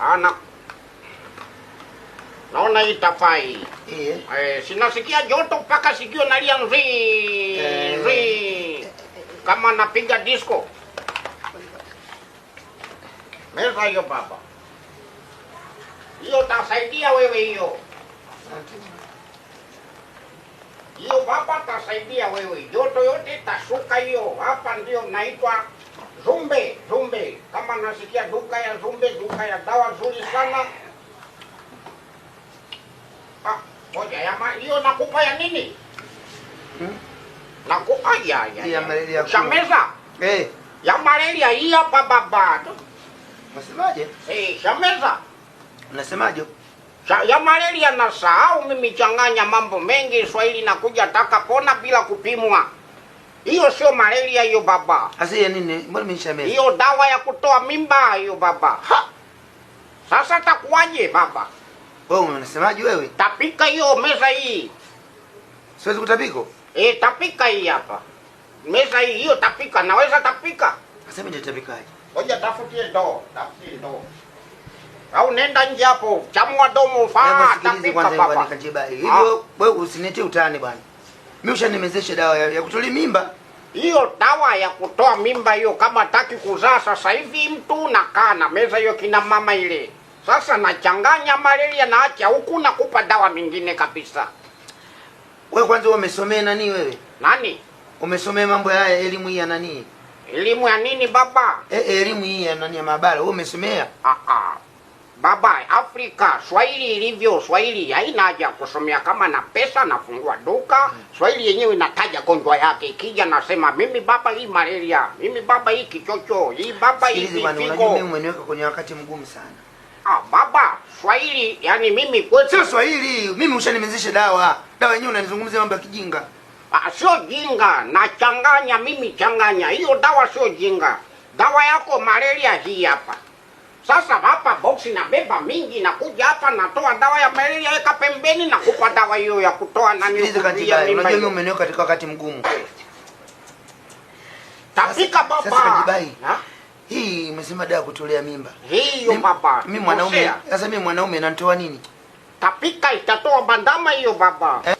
Anak. Naona hii tafai. Eh, sinasikia joto mpaka sikio nalia nri. Nri. Eh. Kama napiga disco. Meza hiyo baba. Hiyo tasaidia wewe hiyo. Hiyo baba tasaidia wewe. Joto yote tashuka hiyo. Hapa ndio naitwa ah. Zumbe, Zumbe. Kama nasikia duka ya Zumbe ya dawa nzuri sana moja ah, ya hiyo nakupa ya nini? Hmm? Naku aya ah, ya. Ya malaria. Shameza. Eh. Ya malaria hii hapa baba. Unasemaje? Eh, shameza. Unasemaje? Ya malaria na sahau mimi changanya mambo mengi Swahili nakuja taka pona bila kupimwa. Hiyo sio malaria hiyo baba. Asi nini? Mbona mimi shameza? Hiyo dawa ya kutoa mimba hiyo baba. Ha. Sasa takuwaje baba? Wewe unasemaje wewe? Tapika hiyo meza hii. Siwezi kutapiko? Eh, tapika hii hapa. Meza hii hiyo tapika, naweza tapika. Sasa mimi nitapikaje? Ngoja tafutie ndoo, tafutie ndoo. Au nenda nje hapo, chamua domo ufaa tapika baba. Hivyo ah. wewe usinitie utani bwana. Mimi ushanimezesha dawa ya, ya kutoli mimba hiyo dawa ya kutoa mimba hiyo, kama taki kuzaa sasa hivi, mtu nakaa na meza hiyo kina mama ile, sasa nachanganya malaria na acha huku nakupa dawa mingine kabisa. We kwanza umesomea nani wewe? Nani umesomea mambo haya, elimu hii ya nani? Elimu ya nini baba? E, e, elimu hii ya nani ya maabara wewe umesomea? Ah ah baba Afrika, Swahili ilivyo Swahili haina haja kusomea. Kama na pesa nafungua duka. Swahili yenyewe inataja gonjwa yake, ikija nasema mimi baba, hii malaria, mimi baba, hii kichocho, hii baba, hii vifigo. Kwenye wakati mgumu sana. Ah, baba Swahili yani mimi sio Swahili. Mimi ushanimezesha dawa dawa yenyewe, unanizungumzia mambo ya kijinga. Ah, sio jinga, nachanganya mimi, changanya hiyo dawa, sio jinga. Dawa yako malaria hii hapa sasa hapa boksi na beba mingi na kuja hapa natoa dawa ya malaria weka pembeni na kupa dawa hiyo ya kutoa na niulize katika unajua mimi umeniweka katika wakati mgumu. Tapika baba. Sasa kajibai. Hii umesema dawa kutolea mimba. Hiyo baba. Mimi mwanaume, sasa mimi mwanaume nanitoa nini? Tapika itatoa bandama hiyo baba. Eh.